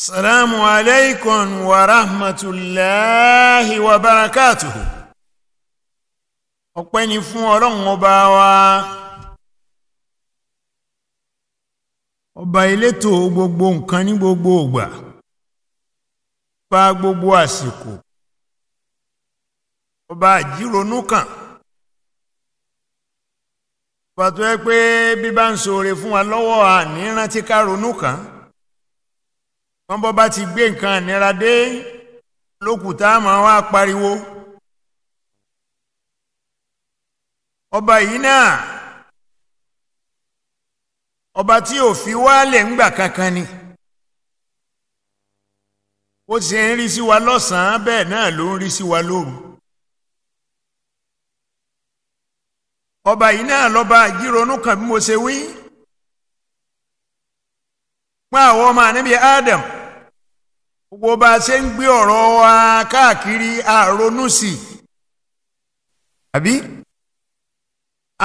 السلام عليكم ورحمة الله وبركاته Ọ ni fún ọlọ́run ọba wa ọba elétò gbogbo nǹkan ní gbogbo ògbà bá gbogbo àsìkò ọba àjíronú ọba tó yẹ pé bí bá ń ṣoore fún wa lọ́wọ́ àní rántí ká ronú kan. wọ́n bọ́ bá ti gbé nǹkan ìnira dé lókùtà máa wá pariwo ọba yìí náà ọba tí ò fi wálẹ̀ ńgbà kankan ni ó ti ń rí sí wa lọ́sàn-án bẹ́ẹ̀ náà ló ń rí sí wa lóru ọba yìí náà lọ́ba àjíronú kan bí mo ṣe wí pọ́n àwọn ọmọ ànábì Adam. gbogbo bá a ṣe ń gbé ọ̀rọ̀ wa káàkiri àrònú sí àbí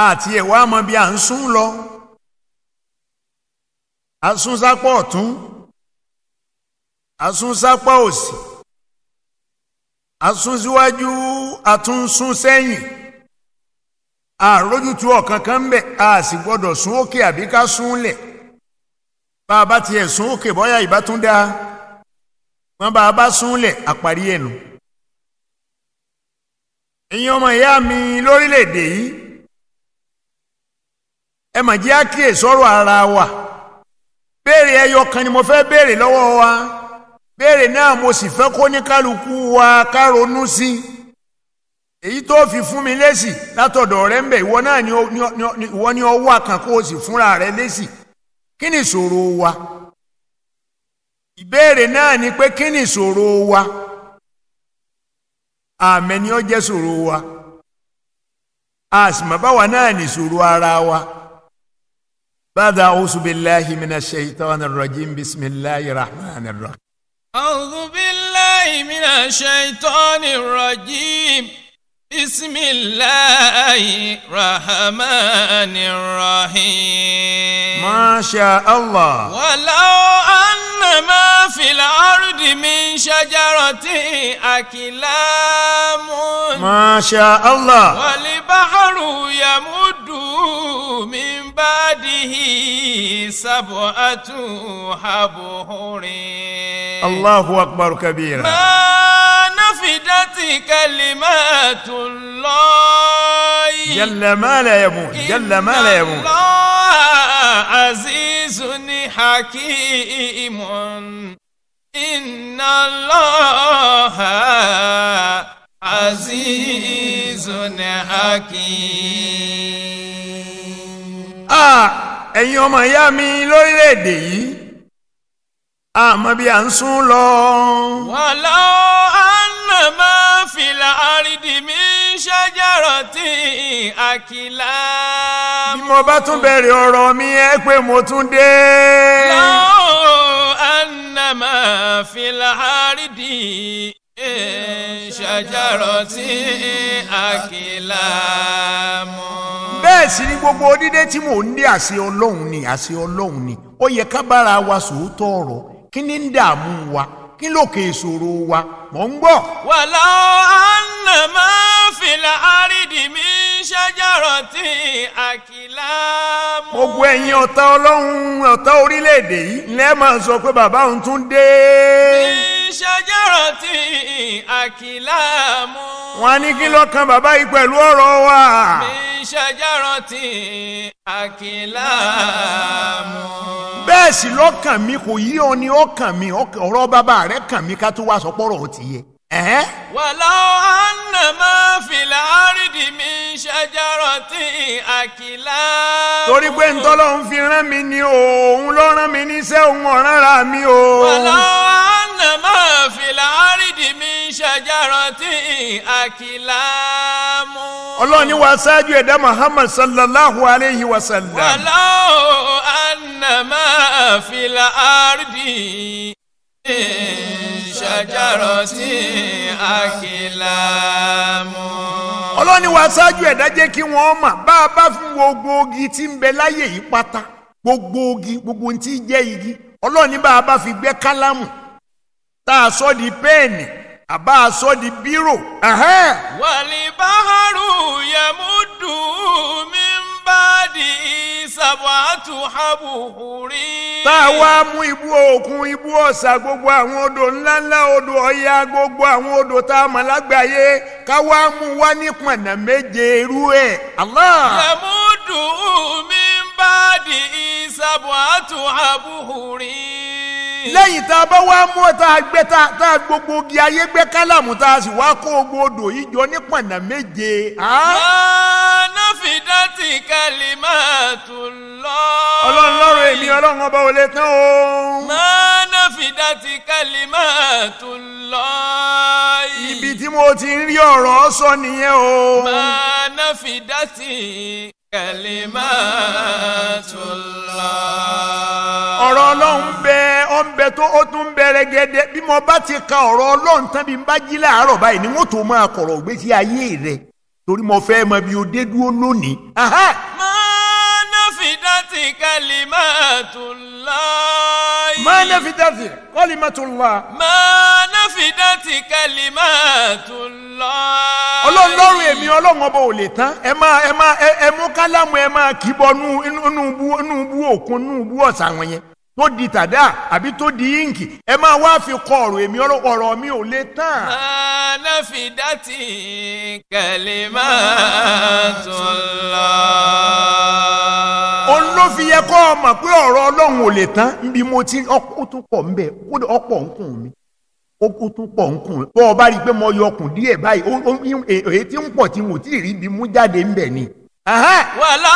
àti ẹ̀wọ́ àmọ́ bí à ń sún lọ asúnsápọ̀ ọ̀tún sápọ̀ òsì asúnsíwájú sún sẹ́yìn àrójútu ọ̀kan kan ń bẹ̀ a sì gbọ́dọ̀ sún òkè àbí ká sún lẹ̀ bá a bá tiẹ̀ sún òkè bọ́yá ìbá tún wọn bá a bá súnlẹ̀ àparí ẹ̀nu. ẹ̀yin ọmọ ìyá mi lórílẹ̀‐èdè yìí ẹ mà jẹ́ àkíyè ara wa béèrè ẹyọ kan ni mo fẹ́ béèrè lọ́wọ́ wa béèrè náà mo sì fẹ́ kó ní kálukú wa ká ronú sí i èyí tó fi fún mi lesi látọ̀dọ̀ rẹ ń bẹ̀ ìwọ náà ni ìwọ ni ọwọ́ àkànkò sì fúnra rẹ lésì kí ni ìṣòro wa. ìbéèrè náà ni pé kí ni ìṣòro wa àmín ni ó jẹ́ ìṣòro wa a sì mọ̀ báwa náà ní ìṣòro ara wa. بعد أعوذ بالله من الشيطان الرجيم بسم الله الرحمن الرحيم أعوذ بالله من الشيطان الرجيم بسم الله الرحمن الرحيم ما شاء الله ولو أن ما في الأرض من شجرة أكلام ما شاء الله والبحر يمد من بعده سبعة أبهر الله أكبر كبيرا ما نفدت كلمات الله جل ما لا يموت جل ما لا يموت الله عزيز حكيم إن الله عزيز حكيم آه أيها يا يامي لوليدي آه ما بيانسون لو ولو أن ما في الأرض من ṣẹ́jọ́rọ̀tì àkìlá. bí mo bá tún bẹ̀rẹ̀ ọ̀rọ̀ mi ẹ pé mo tún dé. lọ́wọ́ anamá filahari ṣẹ́jọ́rọ̀tì àkìlá mọ́. bẹ́ẹ̀ sì ni gbogbo dídé tí mò ń dé àṣẹ ọlọ́run ni àṣẹ ọlọ́run ni ó yẹ ká bára wa sòótọ́ ọ̀rọ̀ kí ni ń dààmú wa kí lókè ìṣòro wa mò ń gbọ́. wàlá àná máa fìlà àrídì mi ṣájàrọ̀ tí àkìlá mú. gbogbo ẹ̀yin ọ̀tá ọlọ́run ọ̀tá orílẹ̀-èdè yìí lẹ́ẹ̀ máa sọ pé bàbá òun tún dé. mi ṣájàrọ̀ tí àkìlá mú. wọ́n á ní kí lọ́kàn bàbá yìí pẹ̀lú ọ̀rọ̀ wa. mi ṣájàrọ̀ tí àkìlá mú bẹ́ẹ̀ sì lọ́kàn mi kò yí ọ ni ọkàn mi ọ̀rọ̀ bàbá rẹ̀ kàn mí ká tó wá sọ ọtí nìyẹn. wàlọ́ ànàmọ́ fìlà àrídì mi ṣàjọrọ̀ tí àkìlá. torí pé ntọ́lọ́hún fi rán mi ni òun ló rán mi níṣẹ́ òun ọ̀ràn ra mi o. wàlọ́ ànàmọ́ fìlà àrídì mi ṣàjọrọ̀ tí àkìlá mú. ọlọ́run ni wàá ṣáájú ẹ̀dá Muhammad sallallahu alayhi wa sallam. wàlọ́ ànàmọ́ fìlà àrídì ṣàjàrọ̀tì àkìlámù. ọlọ́ni wa ṣáájú ẹ̀dá jẹ́ kí wọ́n mọ̀ bá a bá fún gbogbo ogi tí ń bẹ láyé yìí pátá gbogbo ogi gbogbo tí ń jẹ́ igi ọlọ́ni bá a bá fi gbẹ́ kálámù tá a sọ di pẹ́ẹ̀nì àbá a sọ di bírò. wàlíbáhárù yẹmúdùmí. ba'di sab'atu hurin. tá a wá mú ibú òkun ibú ọ̀sà gbogbo àwọn odò ńláńlá odò ọ̀yà gbogbo àwọn odò tá a mọ̀ lágbàáyé ká wá mú wá ní pọ̀nà méje irú ẹ̀. Allah. yamudu min ba'di sab'atu hurin. lẹ́yìn tá a bá wá mú tá a gbẹ́ tá a gbogbo ogi ayé gbẹ́ kálàmù tá a sì wá kó gbogbo odò yìí jọ ní pọ̀nà méje. anáfídàtì kalimatullah. ọlọ́run lọ́rọ̀ èmi ọlọ́run ọba ò tán o. anáfídàtì kalimatullah. ibi tí mo ti ń rí ọ̀rọ̀ sọ nìyẹn o. anáfídàtì kalimatullah. ọ̀rọ̀ ọlọ́run bẹ ọ ń bẹ tó ó tún ń bẹ bí mo bá ti ka ọ̀rọ̀ ọlọ́run tán bí n bá jí láàárọ̀ báyìí ni wọ́n tó máa kọ̀rọ̀ gbèsè ayé rẹ̀ torí mo fẹ́ mọ bí o dé dúró lónìí. máa nafidati kalimatullah. máa nafidati kalimatullah. máa. fìdátì kẹlímà tó lọ. ọlọ́run èmi ọlọ́run ọba ò lè tán ẹ máa ẹ máa ẹ òkun inú bú yẹn tó di tàdá àbí tó di íǹkì ẹ ma wá fi kọ ọ̀rọ̀ èmi ọ̀rọ̀ mi ò lè tán. pé ọ̀rọ̀ ọlọ́run ò lè tán mo ti ó kú tún pọ̀ ń kùn bọ́ ọ bá rí i pé mo yọ ọkùn díẹ̀ báyìí èyí tí ń pọ̀ tí wò tí rí ibi mú jáde ń bẹ̀ ni. wàlọ́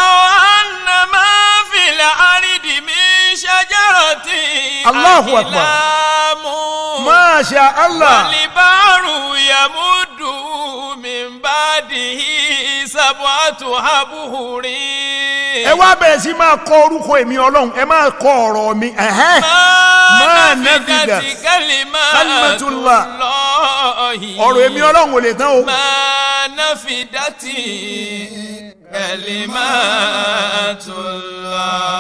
àná máa fi lè arí. شجرة Allahu Akbar ما شاء الله والبحر يمد من بعده سبعة أبحر ẹ wá bẹ̀rẹ̀ sí máa kọ orúkọ èmi ọlọ́run ẹ máa kọ ọ̀rọ̀ mi máa nàfìdà kálímàtúlá ọ̀rọ̀ èmi ọlọ́run ò lè tán o. máa nàfìdà tì í. Kalimatullah.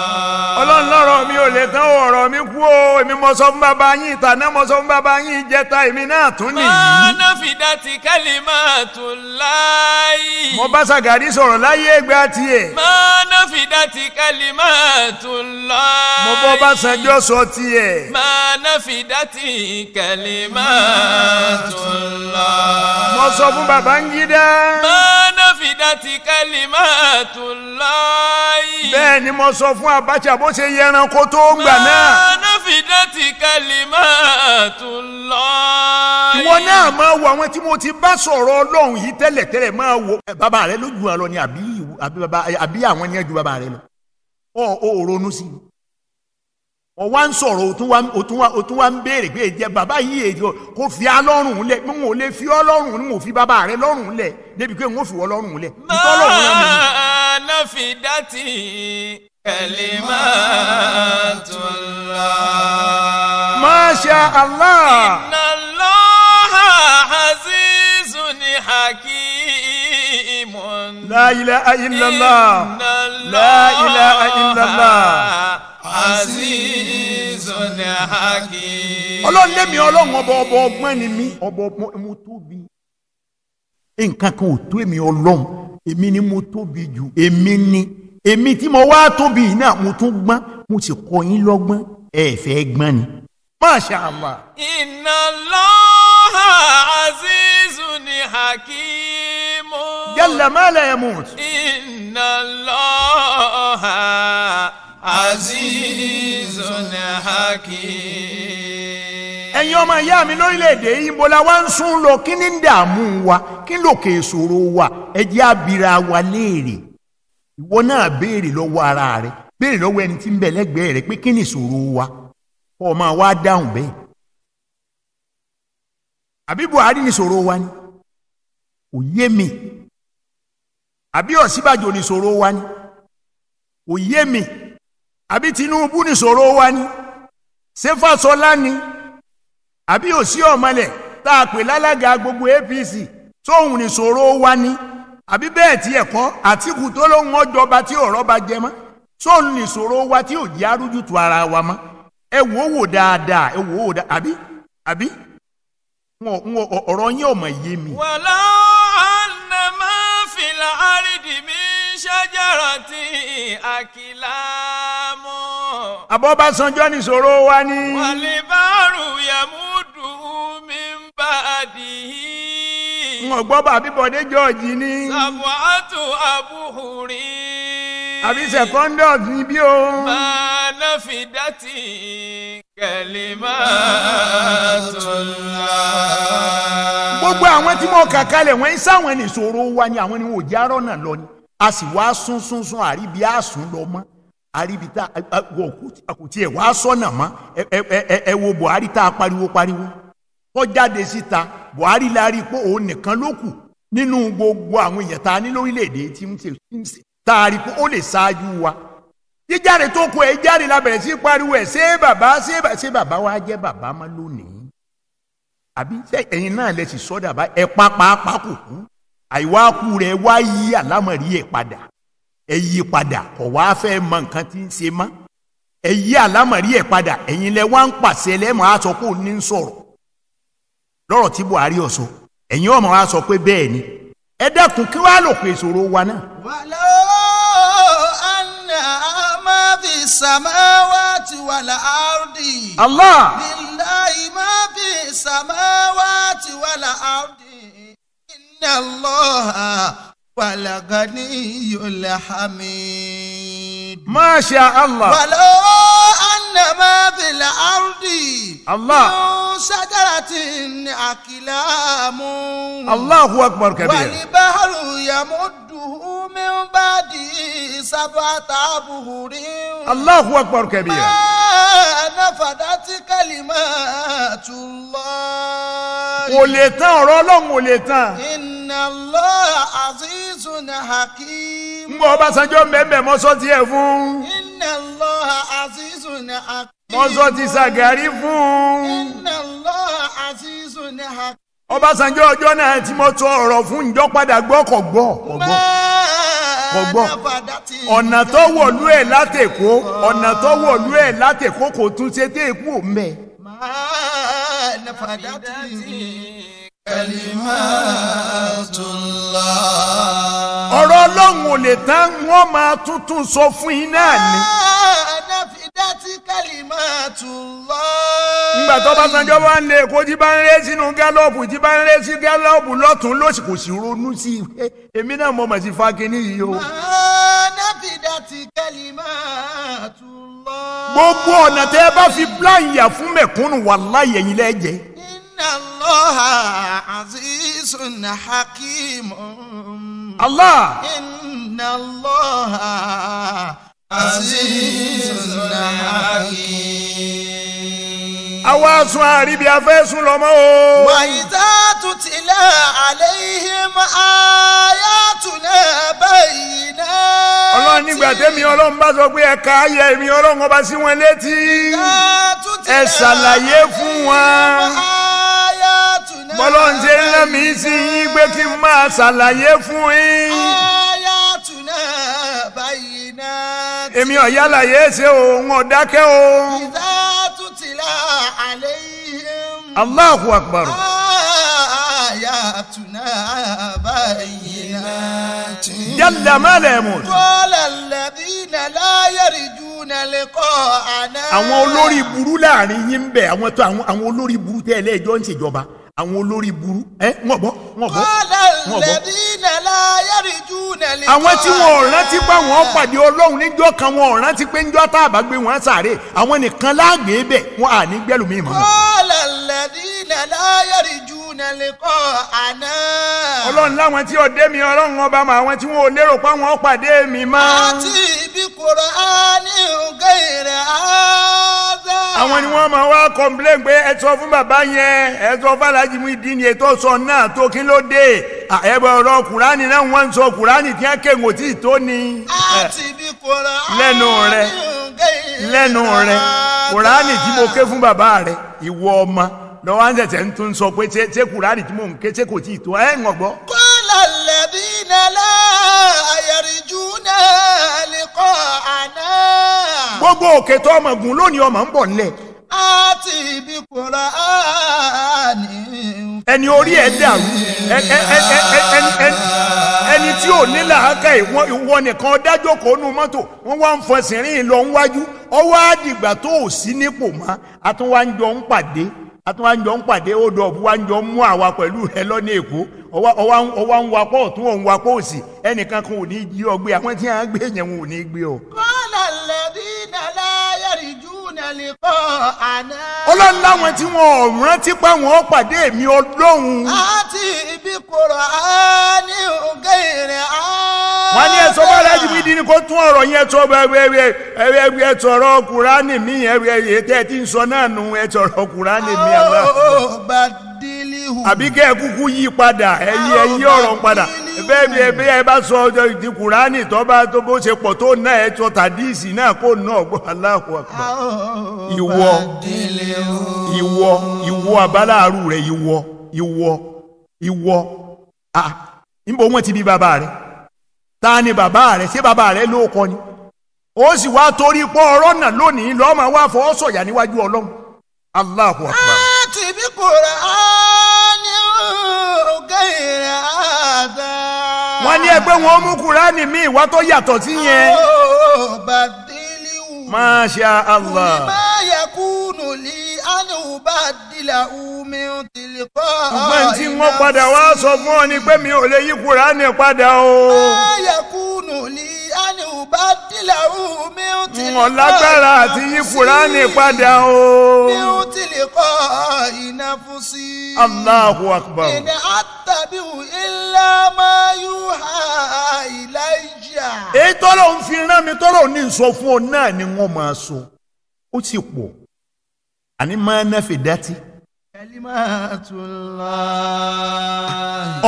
ọlọ́run lọ́rọ̀ mi ò lè tán ọ̀rọ̀ mi kú o èmi mo sọ fún bàbá yín ìtàná mo sọ fún bàbá yín ìjẹta èmi náà tún nìyí. bọ́ọ̀nà fìdá ti kalimatullahi. mo bá Sàgárí sọ̀rọ̀ láyé ẹgbẹ́ tiẹ̀. bọ́ọ̀nà fìdá ti kalimatullahi. mo bọ́ bá sanjọ́ sọ tiẹ̀. bọ́ọ̀nà fìdá ti kalimatullahi. mo sọ fún bàbá ń yí dá. bọ́ọ̀nà fìdá ti kalimatullahi kalimatullahi. bẹ́ẹ̀ ni mo sọ fún abacha bó ṣe yẹ ẹranko tó gbà náà. ma nafidati kalimatullahi. ìwọ náà máa wo àwọn tí mo ti bá sọ̀rọ̀ ọlọ́run yìí tẹ́lẹ̀tẹ́lẹ̀ máa wo. Eh, bàbá rẹ ló ju àlọ ni àbí àwọn ni ju bàbá rẹ lọ. ọ̀ ò ronú sí i wọ́n wá ń sọ̀rọ̀ o tún wá ń béèrè pé ìjẹ́ bàbá yìí èdè kò fi á lẹ̀ mo ò lè fi ọ́ lọ́rùn ni mo fi bàbá rẹ lọ́rùn lẹ̀ débi pé n ò fi wọ́ lọ́rùn lẹ̀. máa fi dá tì máa tó lọ. Masha Allah. Inna Allaha azizun hakimun. La ilaha illallah. La ilaha illallah. عزيز lọ́dẹ hákì. ọlọ́run lé mi ọlọ́run ọba ọba ọgbọ́n ni mí ọba ọgbọ́n mo tóbi. nǹkan kan ò tó èmi ọlọ́run èmi ni mo tóbi jù èmi ni èmi tí mo wá tóbi yìí náà mo tún gbọ́n mo sì kọ́ yín lọ́gbọ́n ẹ fẹ́ gbọ́n ni. Masha Allah. Inna Allaha azizun hakimu. Jalla ma la yamut. Inna Allaha azizun. ẹ̀yin ọmọ ìyá mi lórílẹ̀‐èdè yìí n ń sún lọ kí ni dààmú wa kí lòkè ìṣòro wa ẹ jẹ́ wa léèrè ìwọ náà béèrè lọwọ ara rẹ béèrè lọwọ ẹni tí ń bẹ rẹ pé kí ni ìṣòro wa ọ máa wá dáhùn wa ni kò yé mi ni ìṣòro wa ni kò àbí Tinubu nìṣòro wa ni ṣé Fáṣọlá ni àbí òsì ọmọlẹ̀ tá a pè lálága gbogbo APC tóun nìṣòro wa ni àbí bẹ́ẹ̀ tí ẹ̀kọ́ Àtìkù tó lóun ọjọba tí ọ̀rọ̀ bá jẹ mọ́ tóun nìṣòro wa tí ò jẹ́ arújútu ara wa mọ́ ẹ wò ó wò dáadáa ẹ wò ó wò dáadáa àbí àbí ọ̀rọ̀ yín ò yé mi. wàlá àná máa fi làárídìí mi ṣájára àkìlá. Abọ́básanjọ́ nìṣòro wa ní. Wàlíbárù Yamudu mi ń bá a dì í. N ò gbọ́ bàbí Bọ̀dé Jọ́ọ̀jì ní. Sàbùhátù Abúhùrí. Àbí Secondus ni bí o. Màánà fìdátì kẹ̀lìmá tòlá. Gbogbo àwọn tí mo kà kalẹ̀ wọ́n ń sáwọn nìṣòro wa ni àwọn ni wọ́n jẹ́ àárọ̀ lọ ni. A sì wá sún sún sún àríbi àsùn lọ mọ́ àríbitá wọ kò tiẹ̀ wá sọ́nà mọ́ ẹ wo Buhari tá a pariwo pariwo kó jáde síta Buhari la rí i pé òun nìkan ló kù nínú gbogbo àwọn èèyàn tá a ní lórílẹ̀‐èdè tí ń ṣe tá a rí i pé ó lè ṣáájú wa jíjáde tó kọ ẹ jáde la bẹ̀rẹ̀ sí pariwo ẹ̀ ṣé bàbá ṣé bàbá ṣé bàbá wa jẹ́ bàbá má lónìí àbí ẹ̀yin náà lẹ sì sọ́dà bá ẹ pa pàápàá kò kú àìwá kú rẹ̀ wá yí àlámọ̀rí ẹ̀ padà ẹ yí padà kọ̀ wá fẹ́ mọ nǹkan tí ń ṣe mọ́ ẹ yí àlámọ̀rí ẹ̀ padà ẹ̀yin lẹ wá ń pàṣẹ lẹ́mọ̀ á sọ pé ò ní ń sọ̀rọ̀ tí Buhari ọ̀ sọ ẹ̀yin ọmọ wa sọ pé bẹ́ẹ̀ ni ẹ dẹ́kun kí wàá lò pé ìṣòro wa náà. wàlọ́ àná máa fi samawati wal ardi. Allah. billahi máa fi samawati wal ardi. inna Allah wàlàgàdì yòlá hàmì. حميد ما شاء الله ولو أن ما في الأرض الله من شجرة أكلام الله أكبر كبير والبحر يمده من بعد سبعة أبهر الله أكبر كبير ما نفدت كلمات الله kò lè tán ọ̀rọ̀ ọlọ́run ò lè tán. إن الله عزيز حكيم ngbọ ọbàṣánjọ́ mẹ́mẹ́ mọ́sọ́ tiẹ̀ fún. iná lọ àṣìṣù ní àkàrà. mọ́sọ́ ti ṣàgárí fún. iná lọ àṣìṣù ní àkàrà. ọbàṣánjọ́ ọjọ́ náà tí mo tọ ọ̀rọ̀ fún ìjọ padà gbọ́ kọ̀ gbọ́ kọ̀ gbọ́ kọ̀ ọ̀nà tó wọ̀lú ẹ̀ látẹ̀kọ́ ọ̀nà tó wọ̀lú ẹ̀ látẹ̀kọ́ kò tún ṣe dé ikú mẹ́. máa nàfàdà tì í kalimatullah. ọ̀rọ̀ ọlọ́run ò lè tán wọ́n máa tuntun sọ fún yín ni. nígbà tó bá sanjọ́ bá ń lé èkó jí bá ń ré sínú gálọ́ọ̀bù jí bá ń ré sí gálọ́ọ̀bù lọ́tún lọ́sì kò sí ronú sí i èmi náà mo mọ̀ sí fagini yìí o. gbogbo ọ̀nà tẹ́ ẹ bá fi bláyà fún mẹ̀kúnnù wàláyé lẹ́jẹ̀ẹ́. Innallaha azizun hakimun. Allah. Innallaha azizun hakimun àwa sun àríbi afẹ́ sun lọ́mọ́ o. wàyí tá a tún tilẹ̀ àléhìm ayatuna báyìí náà. ọlọ́run nígbà tẹ́mi ọlọ́run bá sọ pé ẹ̀ka ayé èmi ọlọ́run ọba sí wọn létí. ẹ ṣàlàyé fún wọn. bọ́lọ́n ṣe ń lẹ́ mi sí yín pé kí n máa ṣàlàyé fún yín. ayatuna báyìí náà. èmi ṣe òun ọ̀dákẹ́ o. ìdá Allahu akbar. آياتنا بينات جل ما لا يموت الذين لا يرجون لقاءنا àwọn olórí burú láàrin yín bẹ àwọn tó àwọn olórí burú tẹ ẹlẹ́jọ́ ń ṣèjọba àwọn olórí burú ẹ ń gbọ́ ń gbọ́ ń gbọ́. قال àwọn tí wọn ò rántí pé àwọn pàdé ọlọ́run níjọ́ kan wọn ò rántí pé níjọ́ tá a bá gbé wọn sáré àwọn nìkan láàgbé bẹ̀ wọn à ní gbẹ́lùmí mọ́. ọlọ́run láwọn tí ọdẹ mi ọlọ́run ọba mọ àwọn tí wọn ò lérò pé àwọn pàdé mi mọ́. àti ibi kòrò á ní ògè rẹ̀ á dá. àwọn ni wọ́n máa wá kọ́ńplẹ́ǹ pé ẹ sọ fún bàbá yẹn ẹ sọ fún alájí ìdí ni ètò sọ náà tó kí ló dé ẹ bọ̀ ọ̀rọ̀ kùránì náà wọ́n ń sọ kùránì tí wọ́n ké ń kò tí ì tó ni. Eh. lẹ́nu rẹ lẹ́nu rẹ kùránì tí mo ké fún bàbá rẹ ìwọ ọmọ lọ́wọ́ à ń tẹ̀tẹ̀ ń tún sọ pé ṣé kùránì tí mò ń ké ṣé kò tí tó ẹ̀ ń kọ́lá lẹ́bí nílẹ̀ ayẹ̀rìjú náà lè kọ́ àná. gbogbo òkè tó ọmọ gùn lónìí ọmọ ń bọ̀ nílẹ̀ àti ibi kura ni. ẹni orí ẹ dàrú ẹni tí ò ní làákà ìwọ nìkan dájọ́ kó nu mọ́tò wọ́n wá ń fọsìn rìn lọ níwájú ọwọ́ àdìgbà tó ò sí nípò mọ́ àtúnwájọ ń pàdé àtúnwájọ ń pàdé ó dọ̀ wájọ ń mú àwa pẹ̀lú rẹ lọ́nà èkó ọwọ́ ń wakọ̀ ọ̀tún òun wakọ̀ òsì ẹnìkan kan ò ní jí ọ gbé àwọn tí wọ́n á gbé yẹn wọn ò ní gbé ọ. kọ́lá lè lẹ́lẹ́kọ́ àná. tí wọn ò rántí pé wọn ó pàdé mi ọlọ́run. àti ibi kòrò á ní ògè ìrìn á. wọ́n ní ẹ̀sọ́ bá aláàjì mi dín ní kó tún ọ̀rọ̀ yẹn tó ẹ̀wẹ̀ ẹ̀tọ́ ọ̀rọ̀ mi ẹ̀wẹ̀ ètò ń sọ náà nù ẹ̀tọ́ ọ̀rọ̀ kùránì mi àlá. ó àbí kẹ́ ẹ kúkú yí padà ọ̀rọ̀ padà bẹ́ẹ̀ bí ẹ sọ ọjọ́ ìdí kùránì tó bó ṣe pọ̀ tó náà ẹ tọ́ tàdíìsì náà kó gbọ́ Akbar ìwọ ìwọ ìwọ abáláàrú rẹ ìwọ ìwọ ìwọ à wọn ti bí rẹ ta ni rẹ ṣé bàbá rẹ ló ni ó sì wá torí náà lónìí máa wá níwájú a ti láì pé wọn mú kúránì mi ìwà tó yàtọ̀ sí yẹn. Masha Allah. Kùnìmá yakunu li anu badila umi tilikọ ìlà. Ṣùgbọ́n tí wọ́n padà wá sọ fún ọ ni pé mi ò lè yí kúránì padà o. Kùnìmá yakunu li àníwùbá tìlẹ̀wù mi ò ti lè kọ́ ọ̀nà àti yí fúránì padà o. mi ò ti lè kọ́ iná fún sí. Allahu akbar. ìní àtàbíwù ilá máa yú ha ìlàjà. èyí tọ́lọ̀ ń fi rán mi tọ́lọ̀ ní sọ fún ọ náà ni wọ́n máa sọ ó ti pọ̀ àní máa náfẹ̀ẹ́ dátì ọ̀rọ̀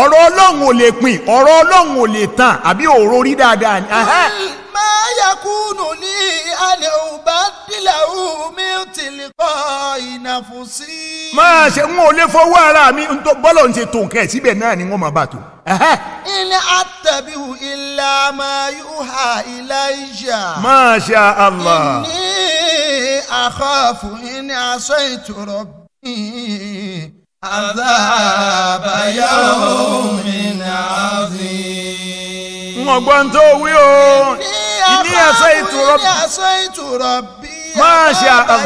ọlọ́run ò lè pin ọ̀rọ̀ ọlọ́run ò lè tàn àbí òòró rí dáadáa ni. má yakunu ní alẹ́ ò bá dílé òun mi ti lè kọ́ ìnáfùsí. máa ṣe ń wọlé fọwọ́ ara mi bọ́lọ̀ ń ṣe tó nǹkan ẹ̀ síbẹ̀ náà ni wọ́n máa bá tó. in attabi'u illa ma yuha ilayya. Masha Allah. inni akhafu in asaytu rabbi. عذاب يوم عظيم ọgbọ́n tó wí o ìní ẹ̀sẹ̀ ìtura máa ṣe àbà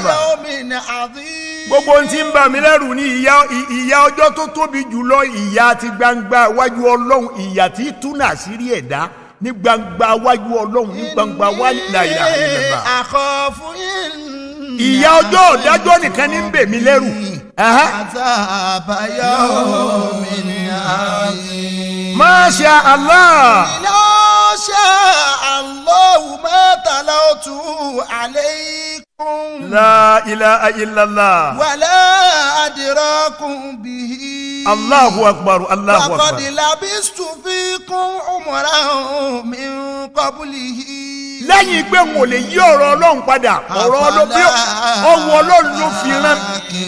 gbogbo tí ń bà mí lẹ́rù ní ìyà ọjọ́ tó tóbi jùlọ ìyà ti gbangba wájú ọlọ́run ìyà tí túnà sírí ẹ̀dá ní gbangba wájú ọlọ́run ní gbangba wájú ìlà ìlà ìlà. ìní àkọ́ fún ìyá ọjọ́ ọ̀dájọ́ nìkan ní bè mí lẹ́rù. àtàbáyọ̀ mi ni àyè. Masha Allah. Masha Allah ma talawtu La ilaha illallah. Wala adrakum bihi. Allahu akbar Allahu akbar. Waqad labistu fikum umran min qablihi. lẹ́yìn pé n ò lè yí ọ̀rọ̀ ọlọ́run padà ọ̀rọ̀ ọlọ́run bí ọlọ́run ló fi rán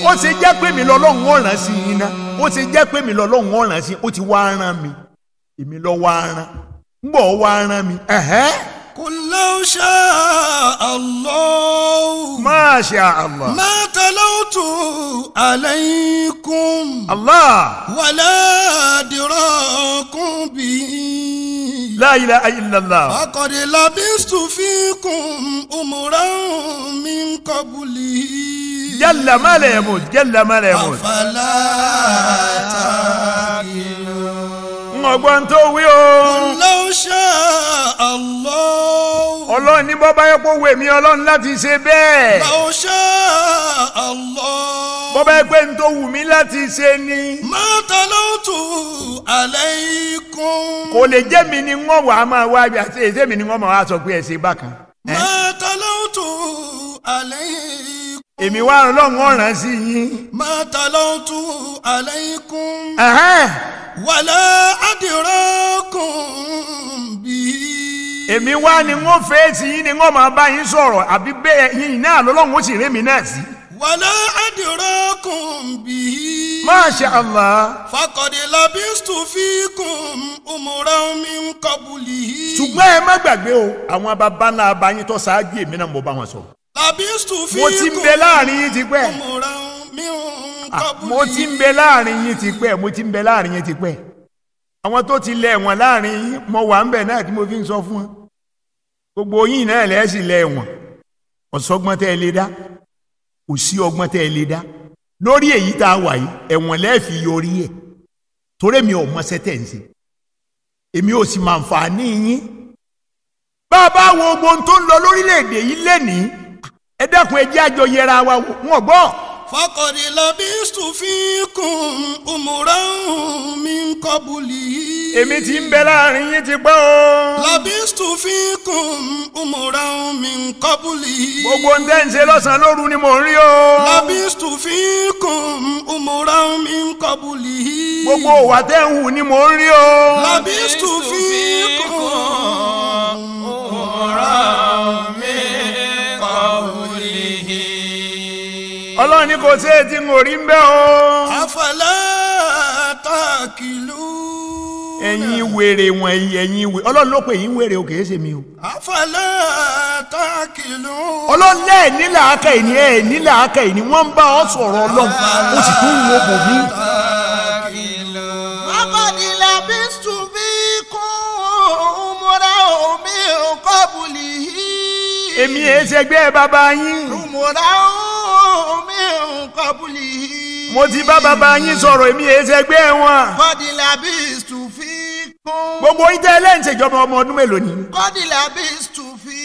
ó si jẹ́ pé mi lọ́lọ́run ó sí i ná ó ṣe jẹ́ pé mi lọ́lọ́run ó sí i ti wá rán mi èmi lọ́ wá rán ń bọ̀ wá rán mi قل لو شاء الله ما شاء الله ما تلوت عليكم الله ولا دراكم به لا إله إلا الله فقد لبست فيكم أمرا من قبله جل ما لا يموت جل ما لا يموت أفلا تعقلون ọgbọ́n tó wí o. Law sha'a Allah. ọlọ́run ní bọ́ báyọ̀ pé wèmí ọlọ́run láti ṣe bẹ́ẹ̀. Law sha'a Allah. bọ́ báyọ̀ pé n tó wù mí láti ṣe ni. Ma talawtu alaykum. kò lè jẹ́ mi ni wọ́n wà á máa wá ibi àti èsè mi ni wọ́n máa wá sọ pé ẹ̀ ṣe bákan. Ma talawtu alaykum èmi wá ọlọ́run ọ̀ràn sí yín. ma talawtu alaykum. wala adrakum bi. èmi wá ni wọ́n fèsì yín ni wọ́n máa bá yín sọ̀rọ̀ àbí bẹ́ẹ̀ yín náà lọ́lọ́run ó sì rémi náà sí. wala adrakum bi. masha Allah. faqad labistu fikum umuran min qabli. ṣùgbọ́n ẹ má gbàgbé o àwọn baba ńlá abayín tó ṣáájú èmi náà mo bá wọn sọ̀rọ̀. Ah, mo ti ń bẹ láàrin yín tipẹ́ mo ti ń bẹ láàrin yín tipẹ́ mo ti ń bẹ láàrin yín tipẹ́ àwọn tó ti lẹ̀ wọ́n láàrin yín mo wà ń bẹ̀ náà tí mo fi ń sọ fún wọn gbogbo yín náà lẹ́sìn lẹ̀ wọ́n ọ̀sọ́gbọ́n tẹ́ ẹ lè dá òsì ọgbọ́n tẹ́ ẹ lè dá lórí èyí tá a wà yìí ẹ̀wọ̀n lẹ́ẹ̀fì yọrí ẹ̀ torí mi ò mọṣẹ́ tẹ̀ ń ṣe èmi ò sì máa ń fà á ní yín bá a bá wo ohun tó ń lọ lórílẹ̀ yìí lẹ́nìí ẹ dákun ẹ àjọ yẹra wa wò ń ọ̀gbọ́. fọkọ̀dé lọ́bí sùfínkùn òmùrán mi ń kọ́bùlì. èmi ti ń bẹ láàrin yín ti pẹ́ o. lọ́bí sùfínkùn òmùrán mi ń kọ́bùlì. gbogbo ń tẹ́ ń ṣe lọ́sàn-án lóru ni mò ń rí o. lọ́bí sùfínkùn òmùrán mi ń kọ́bùlì. gbogbo òwà tẹ́ ń hù ni mò ń rí o. lọ́bí sùfínkùn òmùrán. ọlọ́run ní kò sí etí ń orí ń bẹ́ o. àfàlà tàkìlú. ẹ̀yin wèrè wọ̀nyí ẹ̀yin wèrè ọlọ́run ló pè yín wèrè o kìí ṣe mi o. àfàlà tàkìlú. ọlọ́run lẹ́ẹ̀ nílà aka ẹ̀ ní ẹ̀ nílà aka ẹ̀ ní wọ́n ń bá ọ sọ̀rọ̀ ọlọ́run ó sì tún wo bò mí. èmi ẹ̀ ṣẹgbẹ́ bàbá yín. rúmọ̀rá ó kọ́bùlì. mo ti bá bàbá yín sọ̀rọ̀ èmi èyí ṣe gbé wọn. kọ́dìlà bí ìsù fi kún. gbogbo yín tẹ́ ẹlẹ́yìn ṣèjọba ọmọ ọdún mélòó ni. kọ́dìlà bí ìsù fi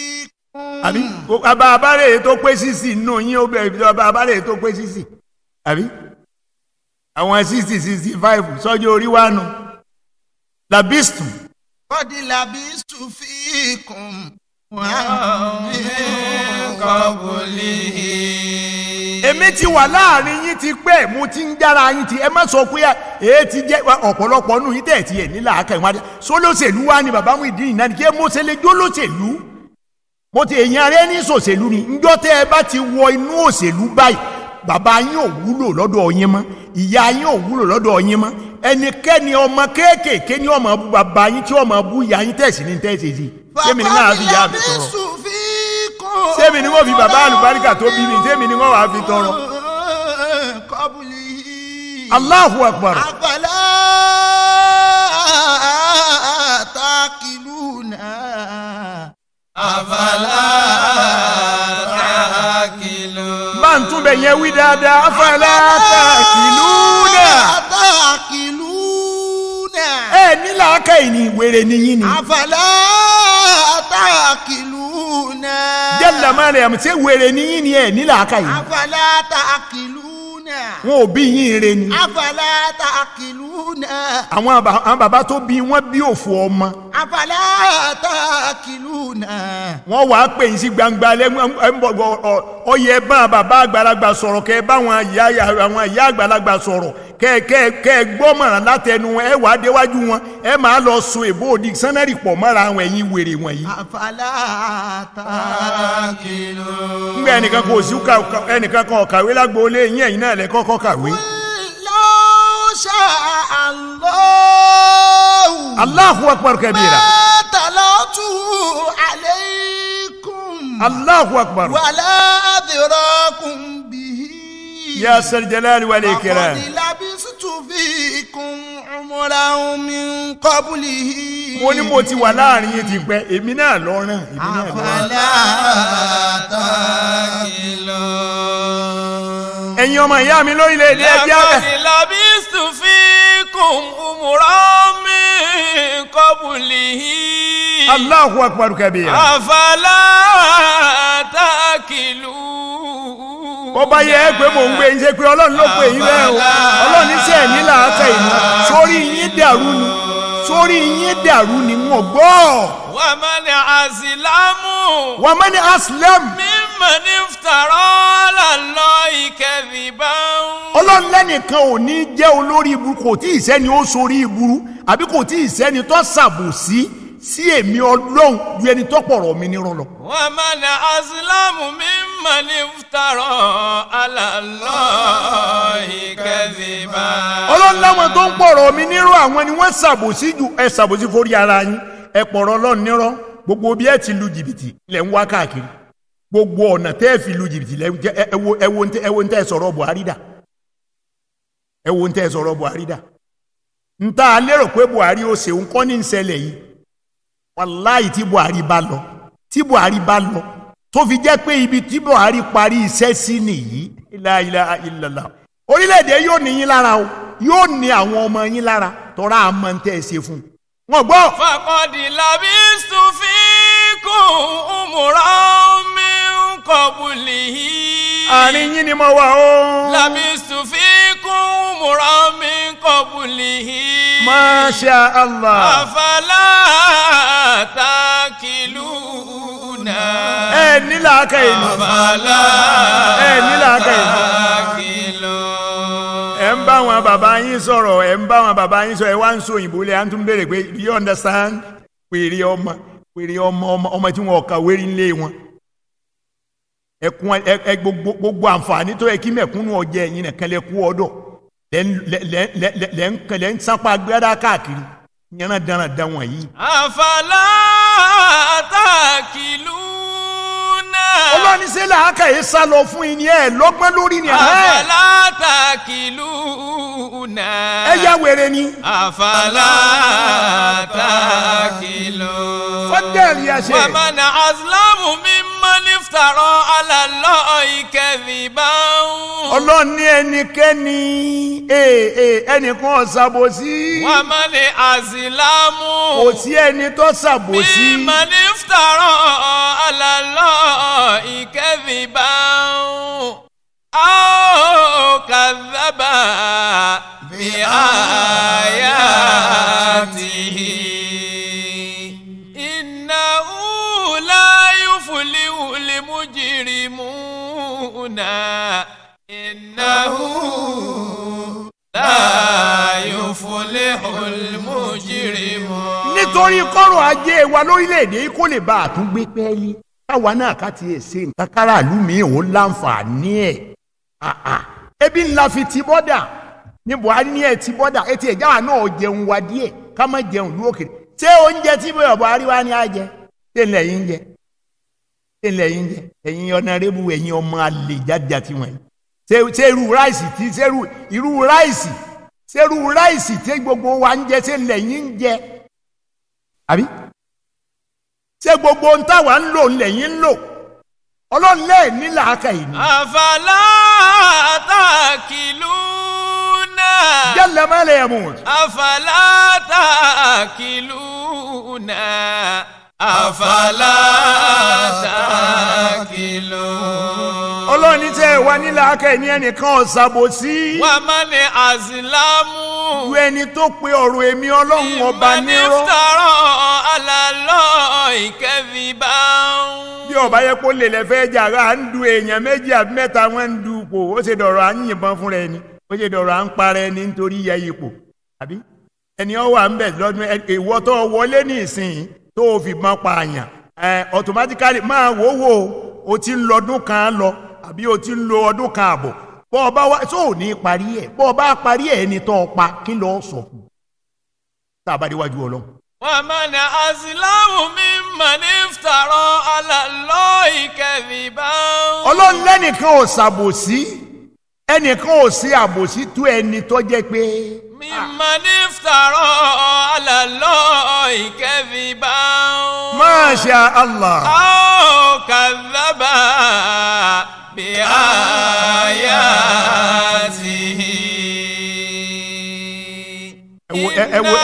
kún. àbí bàbá abárè tó pé sísì nù yín ó bẹ̀rẹ̀ bàbá abárè tó pé sísì. àbí àwọn sixty sixty five sọ́jọ́ orí wa nù. làbísù. kọ́dìlà bí ìsù fi kún. wàá mi kọ́ wọlé. èmi ti wà láàrin yín ti pé mo ti ń dára yín ti ẹ má sọ pé èyí ti jẹ ọ̀pọ̀lọpọ̀ nù yín tẹ̀ tiẹ̀ nílà ákà ìwádìí sólóṣèlú wa ni bàbá mi dín ìnáni kí mo ṣe lè jó mo ti èyàn arẹ ní sòṣèlú ni ńjọ́ tẹ́ ẹ bá ti wọ inú òṣèlú báyìí bàbá yín ò wúlò lọ́dọ̀ yín mọ́ ìyá yín ò wúlò lọ́dọ̀ yín mọ́ ẹnikẹ́ni ọmọ kéékèèké ni ọmọ bàbá yín tí ọmọ bú ìyá yín tẹ̀sí ní tẹ̀sí sí. bàbá mi lè fi sùn fi sẹ́mi ni wọ́n fi bàbá àlùbáríkà tó bí mi sẹ́mi ni wọ́n wàá fi tọrọ. Allahu akbar. àgbàlá takiluna àfàlà takiluna. bá ń tún bẹ̀ yẹn wí dáadáa àfàlà takiluna. takiluna. ẹ ní làákàyè ni wèrè nìyí ni. àfàlà takiluna àlàmà rẹ̀ àmì tí wèrè níyìn ni ẹ̀ nílà aka yìí. àfàlà ta àkìlú náà. wọn ò bí yín ire ni. àfàlà ta àkìlú náà. àwọn bàbá tó bí wọn bí òfò ọmọ. àfàlà ta àkìlú náà. wọn wàá pè yín sí gbangba ọyẹ bá bàbá àgbàlagbà sọ̀rọ̀ kẹ bá àwọn ìyá àgbàlagbà sọ̀rọ̀ kẹ́ẹ̀kẹ́ kẹ́ẹ̀ gbọ́mọ̀ràn látẹnu ẹ wà á déwájú wọn ẹ máa lọ so èbó òdi sánẹ́rì pọ̀ mọ́ra àwọn ẹ̀yin wèrè wọ̀nyí. àfàlà tààkìlò. ngbẹ ẹnìkan kò sí ẹnìkan kan ọ̀kàwé lágbóolé yín ẹ̀yin náà lẹ kọ́kọ́ kàwé. lọ́ọ̀ṣà àlọ́. Allahu akbar kabira. bàtà lọ́tù àlẹ́ ikùn. Allahu akbar. wàlá àdìrọ́kùn bí. يا ذا الجلال والإكرام وقد لبثت فيكم عمرا من قبله mo ní mo ti wà láàrin yín ti pẹ́ èmi náà lọ ràn èmi náà lọ ràn. àfàlà àtàkìlọ́ ẹ̀yin ọmọ ìyá mi lórílẹ̀‐èdè ẹ̀jẹ̀ abẹ́. lẹ́kọ̀ọ́ ni labi sufi kùnkùnmùrọ̀ mi kọ́bùlì yìí. Allahu akbar kabira. àfàlà tàkìlù. bọ́bá yẹ ẹ pé mò ń gbé ṣe pé ọlọ́run ló pè yín bẹ́ẹ̀ o ọlọ́run ní sẹ́ẹ̀ ní làákà yìí sórí yín dàrú ni sórí yín dàrú ni wọ́n gbọ́. wàmẹ́ni asilamu. wàmẹ́ni asilamu man iftara alallahi kadhiban. ọlọ́run lẹ́nìkan ò ní jẹ́ olórí ibú kò tí ì sẹ́ni ó sorí ibú àbí kò tí ì sẹ́ni tó ṣàbòsí sí èmi ọlọ́run ju ẹni tó pọ̀rọ̀ mi nírọ̀ lọ. wa man aslamu mimman iftara alallahi kadhiban. ọlọ́run láwọn tó ń pọ̀rọ̀ mi nírọ̀ àwọn ni wọ́n ṣàbòsí ju ẹ ṣàbòsí forí ara yín ẹ pọ̀rọ̀ ọlọ́run nírọ̀ gbogbo bí ẹ ti lu jìbìtì ilẹ̀ ń wá káàkiri. gbogbo ọ̀nà tẹ́ ẹ fi lu jìbìtì ẹwo ń tẹ́ ẹ sọ̀rọ̀ Buhari dà ẹwo ń sọ̀rọ̀ Buhari dà ń tá pé Buhari ó ṣeun kọ́ ní nsẹ́lẹ̀ yìí wàláì tí Buhari bá lọ tí Buhari bá lọ tó fi jẹ́ pé ibi tí Buhari parí iṣẹ́ sí nìyí ilaha illallah orílẹ̀-èdè yóò ní yín lára o yóò ní àwọn ọmọ yín lára tọ́ra àmọ́ ń ẹ ṣe fún un wọ́n gbọ́. fàkọ́dì làbí sùfíkù umura kọbùlì. àárín yín ni mo wà o. labistu fikum umran min kọbùlì. masha Allah. àfàlà takiluna. ẹ nílà aka yìí nù. àfàlà ẹ nílà aka ẹ ń bá wọn bàbá yín sọ̀rọ̀ ẹ ń bá wọn bàbá yín sọ̀rọ̀ ẹ wá ń sọ òyìnbó lẹ́yìn à ń tún pé do you understand? ọmọ ẹkún ẹ gbogbo àǹfààní tó yẹ kí mẹ̀kúnnù ọjẹ ẹ̀yin nìkan lẹ kú ọdọ lẹ ń sápá gbẹ́dá káàkiri yànnà dáná dá wọn yìí. àfàlà àtàkìlú náà. olóòní làákà yìí sá lọ fún yín ni ẹ lọ́gbọ́n lórí ni. àfàlà àtàkìlú náà. ẹ yá wèrè ni. àfàlà àtàkìlú. fọ́tẹ́ẹ̀lì àṣẹ. wàmánà azlamu mi nífàrọ̀ alàlọ́ ìkẹ́bíbá. ọlọ́run ní ẹnikẹ́ni eh, eh, ẹnìkan ṣàbòsí. wọ́n máa ní àsìlámù. kò sí ẹni tó ṣàbòsí. bí mà nífàrọ̀ alàlọ́ ìkẹ́bíbá. أو كذب بآياته ربنا إنه لا يفلح المجرمون. nítorí kọ́rọ̀ ajé wa lórílẹ̀‐èdè yìí kó lè bá a pẹ́ẹ́lí káwa náà ká ti ṣe nǹkan káràlú mi ò láǹfààní ẹ̀ ebi ńlá fi ti bọ́dà ní buhari ní ẹ̀ ti bọ́dà etí ẹ̀já wa náà jẹun wa díẹ̀ ká má jẹun lókè ṣé oúnjẹ tí buhari wa ni a jẹ ṣé ńlẹ̀ yìí ń jẹ. ṣé ń lẹ́yìn jẹ ẹ̀yin ọ̀nàrẹ́bù ẹ̀yin ọmọ alẹ́ jáde àti wọ̀nyí ṣé irú ráìsì tí ṣé irú ráìsì ṣé irú ráìsì tí gbogbo wa ń jẹ ṣé ń lẹ́yìn ń jẹ àbí ṣé gbogbo ohun táwa ń lò ń lẹ́yìn ń lò ọlọ́run lẹ́ẹ̀ ní làákà yìí ni. àfàlà àtàkìlú náà. jẹ́lẹ̀ mẹ́lẹ̀ mú. àfàlà àtàkìlú náà. àfàlà tàkìlù. ọlọ́run ní tẹ́ ẹ wá nílà akẹ́ ní ẹnìkan wà á má ní àsìlámù. ju ẹni tó pe ọ̀rọ̀ èmi ọlọ́run ọba nírọ́. ìmọ̀ ní sọ̀rọ̀ alálọ́ bá ń. bí ọba yẹ kó lè lẹ́fẹ́ jàrá ń du èèyàn méjì àbí mẹ́ta wọ́n ń du ipò ó ṣe dọ̀rọ̀ à ń yìnbọn ni ó ṣe dọ̀rọ̀ para nítorí yẹ ipò tó o fi mọ́ pààyàn ẹ automatically máa wò wò o ti ń lọ ọdún kan lọ àbí o ti ń lo ọdún kan àbọ̀ bọ́ ọ bá wá tó o ní parí ẹ̀ bọ́ ọ bá parí ẹ̀ ẹni tó o pa kí lọ́ọ́ sọ fún un tá a bá déwájú ọlọ́run. ومن أظلم ممن افترى على الله كذبا. ọlọ́run lẹ́nìkan ò ṣàbòsí ẹnìkan ò ṣe àbòsí tó ẹni tó jẹ́ pé. ممن افترى على الله كذبا yasha الله aw kadhaba bi ayatihi. لا wo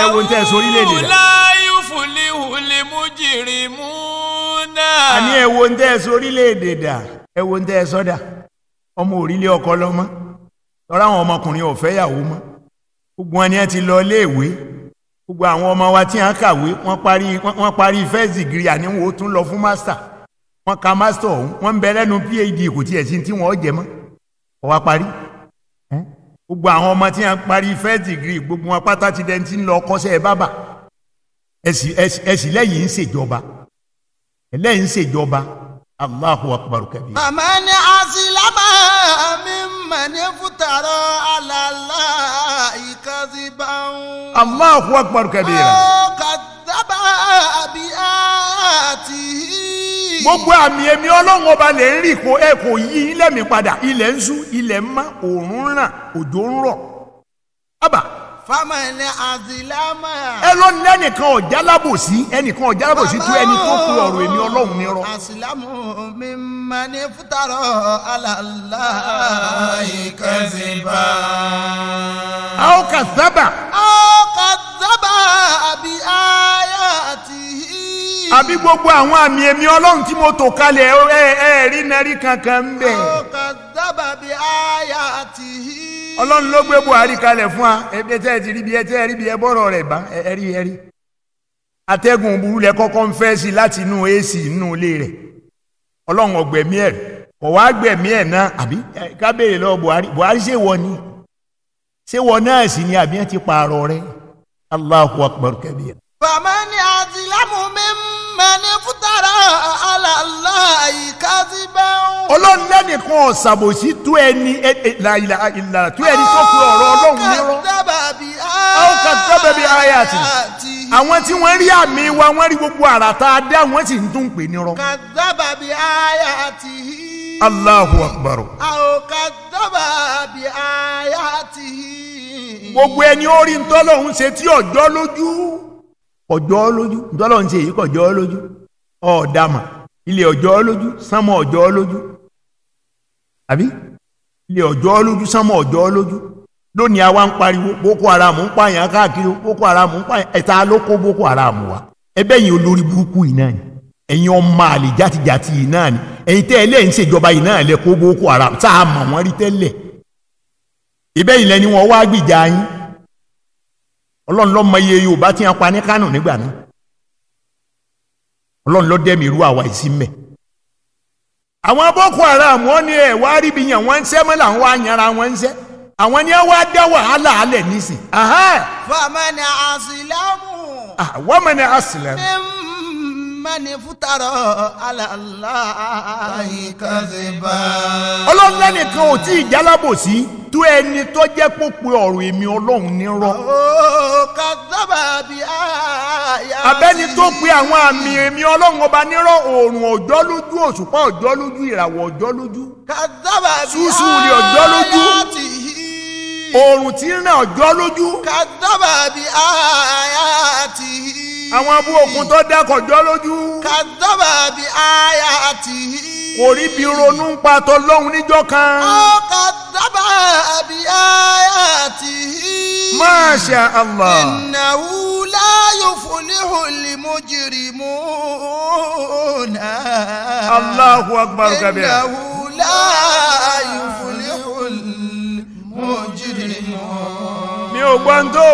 المجرمون أني ẹ wo n tẹ sori lè دا la àní ẹ wo ń tẹ́ ẹ sọ orílẹ̀-èdè dà ọmọ òrílẹ̀ ọkọ lọ́mọ tọ́ra àwọn ọmọkùnrin ọ̀fẹ́ yàwó mọ́ gbogbo wọn ni ẹ ti lọ iléèwé gbogbo àwọn ọmọ wa tí wọ́n kàwé wọ́n parí wọ́n parí first degree àníwò ó tún lọ fún master wọ́n ka master ọ̀hún wọ́n ń bẹ lẹ́nu phd kò tiẹ̀ sí tí wọ́n jẹ mọ́ ọ̀wá parí gbogbo àwọn ọmọ tí wọ́n parí first degree gbogbo wọn pátá ti dẹni tí ń lọ kọ́ṣẹ́ bábà ẹ̀sìn lẹ́yìn ń ṣèjọba ẹlẹ́yìn ń ṣèjọba Allahu akbar kabir. màmá ni من افترى على الله gbogbo àmì ẹ̀mí ọlọ́run ọba lè ń kó ẹ kò yí ilẹ̀ mi padà ilẹ̀ ń ṣú ilẹ̀ ń mọ́ òórùn ń ràn òjò ń rọ̀. famani azilama. ẹ ló lẹ́nìkan ọ̀já lábòsí ẹnìkan ọ̀já lábòsí tó ẹni tó pe ọ̀rọ̀ èmi ọlọ́run ní ọ̀rọ̀. asilamu mi ma ni futaro alala ikaziba. a ó kà sábà. a ó kà sábà àbí aya àti hi. àbí gbogbo àwọn àmì èmi ọlọ́run tí mo tò kalẹ̀ ẹ ẹ rí nẹ́rí kankan ń ọlọ́run ló gbé buhari kalẹ̀ fún wa ẹbí ẹtẹ́ ẹ ti ríbi ẹtẹ́ ẹ ríbi ẹ bọ́rọ̀ rẹ̀ bá ẹ rí ẹ rí atẹ́gùn burú lẹ kọ́kọ́ ń fẹ́ sí láti inú ac inú ilé rẹ̀ ọlọ́run ọ̀gbẹ̀mí ẹ̀ kọ̀ wá gbẹ̀mí ẹ̀ náà àbí kábèrè lọ buhari buhari ṣe wọ ni ṣé wọ náà sì ni àbí ẹ ti pààrọ̀ rẹ̀ Allahu akbar kabir. فمن أظلم ممن افترى على الله كذبا. ọlọ́run lẹ́nìkan ọ̀sàbòsí tú ẹni ìlànà ìlànà tú ẹni tó pe ọ̀rọ̀ ọlọ́run nírọ́. àwọn kan dábàá bí aya ti. àwọn tí wọ́n rí àmì wa wọ́n rí gbogbo àrà tá a dé àwọn sì ń tún pè nírọ́. kàdábà bí aya ti hí. Allahu akbar. àwọn kàdábà bí aya ti hí. gbogbo ẹni ó rí ntọ́lọ́hún ṣe tí ọjọ́ lójú. ọjọ́ lójú ntọ́lọ̀ ń ṣe èyí kọjọ́ lójú ọ̀ọ́dàmà ilé ọjọ́ lójú sánmọ̀ ọjọ́ lójú àbí ilé ọjọ́ lójú sánmọ̀ ọjọ́ lójú lónìí àwa ń pariwo boko haram ń pààyàn káàkiri boko haram ń pààyàn ẹ̀ta ló kó boko haram wa ẹbẹ́ yìí olórí burúkú yìí náà ni ẹ̀yin ọmọ àlè játijàti yìí náà ni ẹ̀yin tẹ́ ẹ ń ṣèjọba boko haram tá a mọ̀ wọ́n rí tẹ́lẹ̀ ọlọ́run ló mọ iye yorùbá tí wọ́n pa ní kánò nígbà náà ọlọ́run ló dẹ́mi irú àwa yìí sí mẹ́. àwọn boko haram wọn ni ẹ wá ríbi yàn wọn ń sẹ́ mọ́ làwọn wá yanra wọn ń sẹ́ àwọn ni ẹ wá dá wàhálà alẹ̀ nísìn. fọmọ ni àsìlámù. àwọn mọ mẹ́ni fútarọ̀ aláàláyé kàzíbà. ọlọ́run lẹ́nìkan ò tí ì jálábòsí tó ẹni tó jẹ́ pópin ọ̀rọ̀ èmi ọlọ́run nírọ́. ó kàzábà bí àyà sí. abẹ́ni tó pe àwọn àmì èmi ọlọ́run ọba nírọ́ oòrùn ọjọ́ lójú òṣùpá ọjọ́ lójú ìràwọ̀ ọjọ́ lójú. kàzábà bí àyà sí. ṣùṣù ni ọjọ́ lójú oòrùn tí ń ràn ọjọ́ lójú. kàdábà bí àyà ti hí. àwọn abú okun tó dákọ̀jọ́ lójú. kàdábà bí àyà ti hí. kò rí bí ronú ń pa tọlọ́hun níjọ́ kan. ó kàdábà bí àyà ti hí. Masha Allah. innahu la yuflihul mujrimun. Allahu akbar kabir. innahu la yuflihul mujrimun. mi ò gbọ́n tó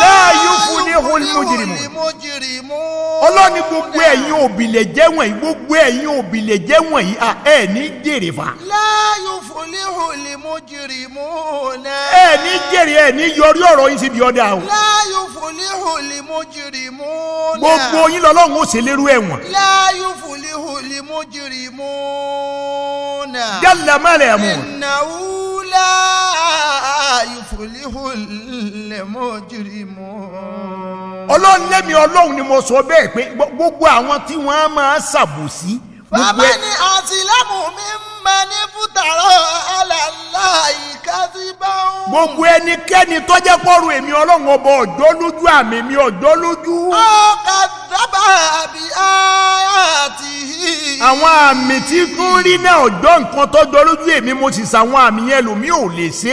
la yuflihu al-mujrimun. ọlọ́ni gbogbo ẹ̀yin òbílẹ̀ jẹ́ wọ̀nyí gbogbo ẹ̀yin òbílẹ̀ jẹ́ wọ̀nyí à ẹ̀ ní jèrè fa. la yuflihu al-mujrimun. ẹ̀ ní jèrè ẹ̀ ní yọrí ọ̀rọ̀ yín síbi ọ̀dà o. la yuflihu al-mujrimun. gbogbo yín lọ́lọ́run ó ṣe lérú ẹ̀wọ̀n. la yuflihu al-mujrimun. jalla malamun. innahu la yuflihu al-mujrimun. ọlọ́run lẹ́mi ọlọ́run ni mo sọ bẹ́ẹ̀ pé gbogbo àwọn tí wọ́n á máa ṣàbòsí. bàbá ni àtìlẹ́mù mi máa ní fútàrọ̀ aláìláì kásíbá. gbogbo ẹnikẹ́ni tó jẹ́ kọ́rù èmi ọlọ́run ọba ọ̀jọ́ lójú àmì mi ọ̀jọ́ lójú. ó kà dábàá bí ayati. àwọn àmì tí tún rí náà ọ̀jọ́ nǹkan tó jọ lójú èmi mo sì sàwọn àmì yẹn lòmí ò lè ṣe é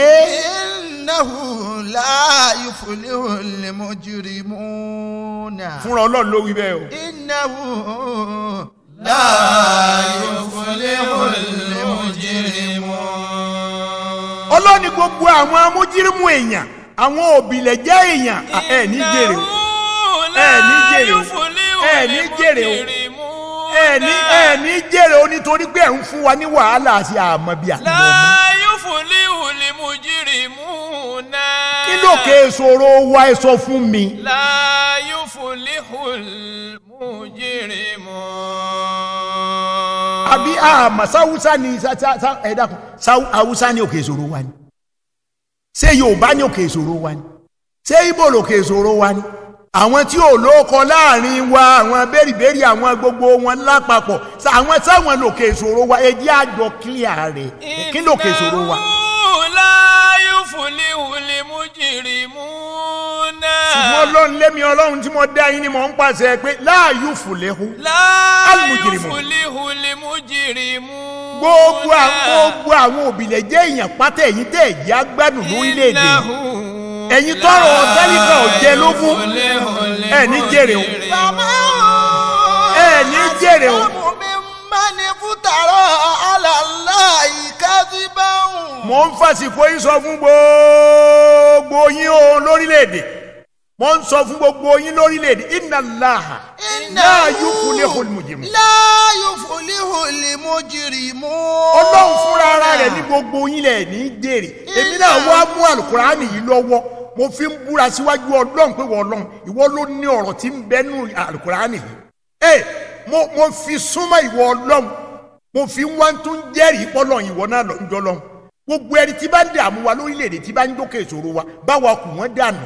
innahu la yufulihu mujrimuna. fúnra ọlọ́run ló wí bẹ́ẹ̀ o. innahu la yufulihu mujrimuna. ọlọ́run ni gbogbo àwọn amójírímù èèyàn àwọn òbílẹ̀ jẹ́ èèyàn ẹ̀ ní jèrè o ẹ̀ ní jèrè o ẹ̀ ní jèrè o ẹ̀ pé ẹ̀ ń fún wa ní wàhálà àti àmọ́ bíi àtìmọ́. láyé fún lókè ìṣòro wa ẹ sọ fún mi. la yuflihul mujrimun. àbí àmà sáwùsá ni ẹ̀dá kan sáwùsá ni òkè ìṣòro wa ni ṣé yorùbá ni òkè ìṣòro wa ni ṣé ibo lòkè ìṣòro wa ni àwọn tí ò lóko láàrin wa àwọn bẹ́rìbẹ́rì àwọn gbogbo wọn lápapọ̀ àwọn sáwọn lòkè ìṣòro wa ẹ jẹ́ àjọ kílíà rẹ̀ kí lòkè ìṣòro wa yuflihul mujrimuna. ṣùgbọ́n ọlọ́run lémi ọlọ́run tí mo dá yín ni mò ń pàṣẹ pé la yuflihu. la yuflihul mujrimuna. gbogbo àwọn gbogbo àwọn òbílẹ̀ jẹ́ èèyàn pátá ẹ̀yìn tẹ̀ ẹ̀yà gbádùn lórílẹ̀‐èdè ẹ̀yìn tọrọ tẹ́lifà ọ̀jẹ̀ lógún ẹ̀ ní jèrè o ẹ̀ ní jèrè o. ọmọ mi máa ní fútàrọ̀ àlàlá yìí kẹ́síbáhùn. mo ń fàsìkò yín sọ fún gbogbo yín o lórílẹ̀‐èdè mo ń sọ fún gbogbo yín lórílẹ̀‐èdè inna Allaha la yuflihul mujrimun. la yuflihul mujrimun. ọlọ́run fúnra ara rẹ̀ ní gbogbo yín lẹ̀ ní jèrè èmi náà wá mú àlùkùránì yìí lọ́wọ́ mo fi ń búra síwájú ọlọ́run pé wọ́n ọlọ́run ìwọ ló ní ọ̀rọ̀ tí ń bẹ́nu mo fi súnmọ́ ìwọ ọlọ́run mo fi ń wá tún jẹ́rìí pọ́lọ́ ìwọ náà lọ ń jọ lọ́hùn gbogbo ẹni tí bá ń dààmú wa lórílẹ̀‐èdè tí bá ń dókè ìṣòro wa báwa kù wọ́n dànù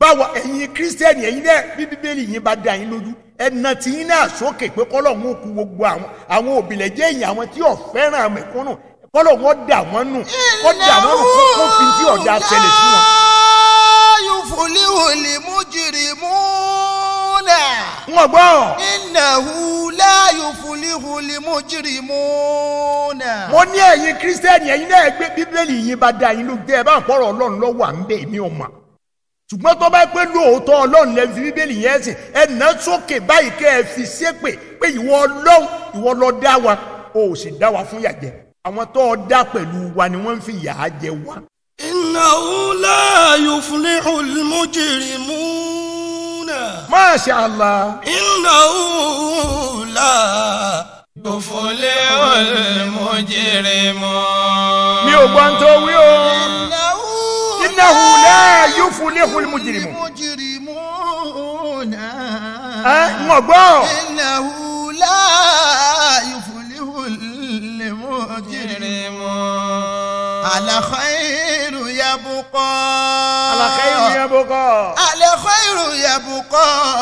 báwa ẹ̀yin kírísítẹ́nì ẹ̀yin náà bí bíbélì yín bá dá yín lójú ẹ̀nà tí yín náà sókè pé kọ́lọ̀ wọn kú gbogbo àwọn àwọn òbílẹ̀ jẹ́ èyàn àwọn tí ò fẹ́ràn àmẹ̀kúnnù kọ́lọ̀ wọn dà wọ́n nù kọ́ dà wọ́n nù kó fi tí ọ̀dà ṣẹlẹ̀ sí wọn. yóò yufulihu limujrimuna. mo ní ẹ̀yin kírísítẹ́nì ẹ̀yin náà gbé bíbélì yín bá da yín lójú tẹ́ ẹ bá ń pọ̀rọ̀ ọlọ́run lọ́wọ́ à ń bẹ̀ mí ò mà ṣùgbọ́n tó bá pé lóòótọ́ ọlọ́run lẹ́nu fi bíbélì yẹn sìn ẹ nà sókè báyìí kẹ́ ẹ fi ṣépè pé ìwọ ọlọ́run ìwọ ló dá wa o ò sì dá wa fún yàjẹ àwọn tó o dá pẹ̀lú wa ni wọ́n fi yàá jẹ wa. innahu la yuflihul mujrimun iná. Masha Allah. iná òòlà òfòlé olùmọ̀jẹ̀rẹ̀ mọ́. mi ò gbọ́n tó wí o. iná òòlà yóò fún ní olùmọ̀jẹ̀rẹ̀ mọ́. ẹ ń gbọ́. iná òòlà yóò fún ní olùmọ̀jẹ̀rẹ̀ mọ́. àlàkọ́ ẹ̀. يبقى على خير يبقى على خير يبقى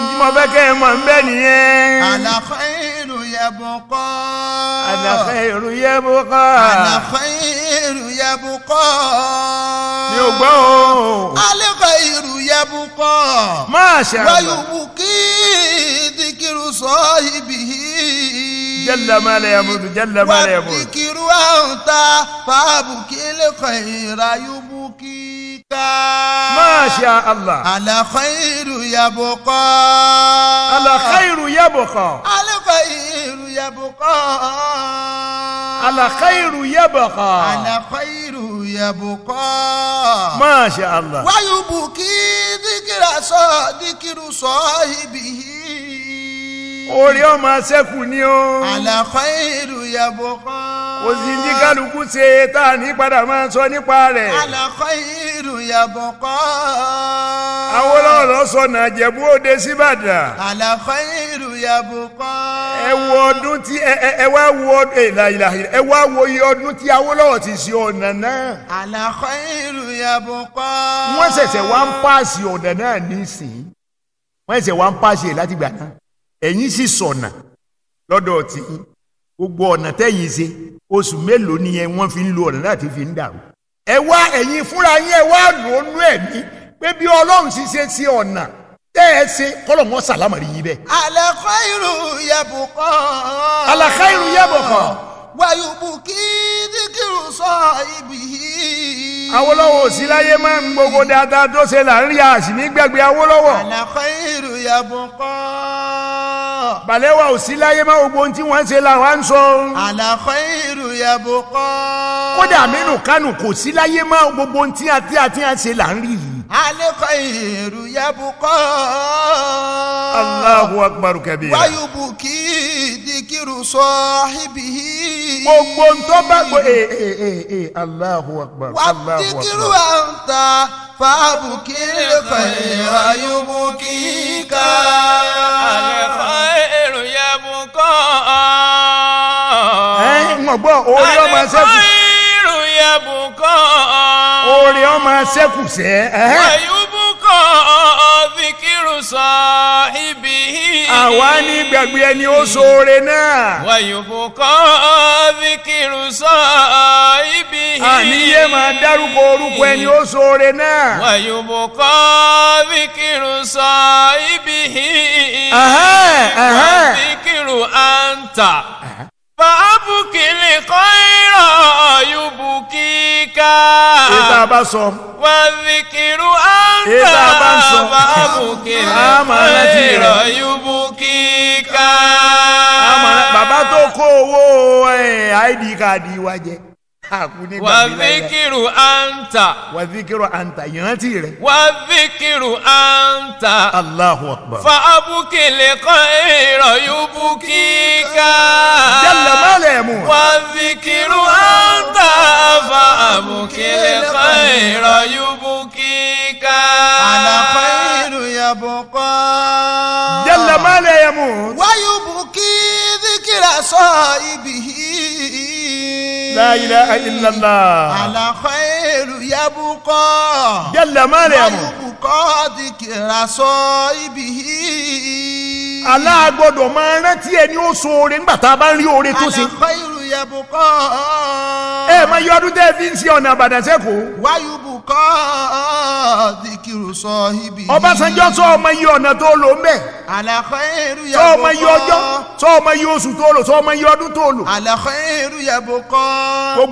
ǹjẹ́ mo fẹ́ kẹ́ ẹ mọ̀ nbẹ nìyẹn. على خير يبقى على خير يبقى على خير يبقى. mi ò gbọ́ o. على خير يبقى. máa ṣe àgbà. ويبقي ذكر صاحبه. جل ما لا يموت جل ما لا يموت وذكر وانت فابك الخير يبكيك ما شاء الله على خير يبقى على خير يبقى على خير يبقى على خير يبقى على خير يبقى ما شاء الله ويبكي ذكر صادق صاحبه orí ọmọ sẹ́kù ni ó. àlàkọ́ ìlú yàbọ̀ kan. òsì ní kálukú ṣe tá a ní padà máa sọ nípa rẹ̀. àlàkọ́ ìlú yàbọ̀ kan. Awólọ́wọ̀ lọ sọ nàjẹ̀bú òde síbàdàn. àlàkọ́ ìlú yàbọ̀ kan. ẹ wo ọdún tí ẹ ẹ wá wo ìlàìlà ẹ wá wo iye ọdún tí Awólọ́wọ̀ ti ṣe ọ̀nà náà. àlàkọ́ ìlú yàbọ̀ kan. wọ́n ṣẹ̀ṣẹ̀ wá ń pàṣẹ ọ̀nà náà nísìnyí wọ́n ṣẹ̀ṣẹ̀ wá ń pàṣẹ láti gbà náà ẹ̀yin sì sọ̀nà lọ́dọ̀ tí gbogbo ọ̀nà tẹ́yìn ṣe oṣù mélòó nìyẹn wọ́n fi ń lo ọ̀nà láti fi ń dàrú. ẹ wá ẹ̀yin fúnra yín ẹ wá lónú ẹ̀mí pé bí ọlọ́run sì ṣe sí ọ̀nà tẹ́ ẹ ṣe kọ́lọ̀ mọ́ sàlámàrí yín bẹ́ẹ̀. alakhairu yabqa. alakhairu yabqa. wayubuki dikiru sahibihi. awolowo silaye máa ń gbogbo dáadáa tó ṣe là ń rí àṣì nígbàgbé awolowo. alakhairu yabqa. Allah. ò sí láyé máa gbogbo ohun tí wọ́n ń ṣe làwọn ń sọ. Ala khairu yabqa. Kódà Aminu Kánù kò sí láyé máa gbogbo ohun tí àti àti à ń ṣe là ń rí yìí. Ala khairu yabqa. Allahu akbar kabira. Wa yubki dikiru sahibihi. Gbogbo ń bá gbọ́ ee eh, ee eh, ee eh, Allahu akbar. Allahu akbar. Wa dikiru anta fàbùkì lè fàyè ayùbùkì ká. Àlẹ́ fàyè. gbọ́ orí ọmọ sẹ́kù. àlẹ́kọ́ ìròyìn àbùkọ́. orí ọmọ sẹ́kù sẹ́. wàyúbùkọ́ fìkìrù sọ ibi. àwa ní gbàgbé ẹni ó ṣoore náà. wàyúbùkọ́ fìkìrù sọ ibi. àníyé máa dárúkọ orúkọ ẹni ó ṣoore náà. wàyúbùkọ́ fìkìrù sọ ibi. fìkìrù àǹtà fàábùkìlì kọ́ ìrọ̀ yùbù kíkà. ètò àbá sọ. wàzìkìrù àǹtà fàábùkìlì kọ́ ìrọ̀ yùbù kíkà. bàbá tó kó owó id káàdì wa jẹ wàdíkìrù àǹtà. wàdíkìrù àǹtà ìrántí rẹ. wàdíkìrù àǹtà. Allahu akbar. fa abukele kan èrò yubu kíkà. jẹ́lẹ̀ má lẹ̀ mú. wàdíkìrù àǹtà fa abukele kan èrò yubu kíkà. àlàkọ́ ìlú yàbọ̀ kọ́. jẹ́lẹ̀ má lẹ̀ mú. wáyú sọ ibi yìí la ilaha illallah. ala khairu yabqa. jalla maaliyamu. wayubukọ dikira sọ ibihi. aláàgbọ́dọ̀ máa rántí ẹni ó ṣoore nígbà tá a bá ń rí oore tó ṣe. ala khairu yẹ bù kọ́. ẹ mọ iye ọdún tẹ́ ẹ fi ń ṣe ọ̀nà àbàdàn sẹ́kù. wáyú bù kọ́ dìkìrù sọ ibi. ọbásanjọ́ sọ ọmọ iye ọ̀nà tó lò ń bẹ̀. àlàkọ́ èrú yẹ bù kọ́. sọ ọmọ iye ọjọ́ sọ ọmọ iye oṣù tó lò sọ ọmọ iye ọdún tó lò. àlàkọ́ èrú yẹ gbogbo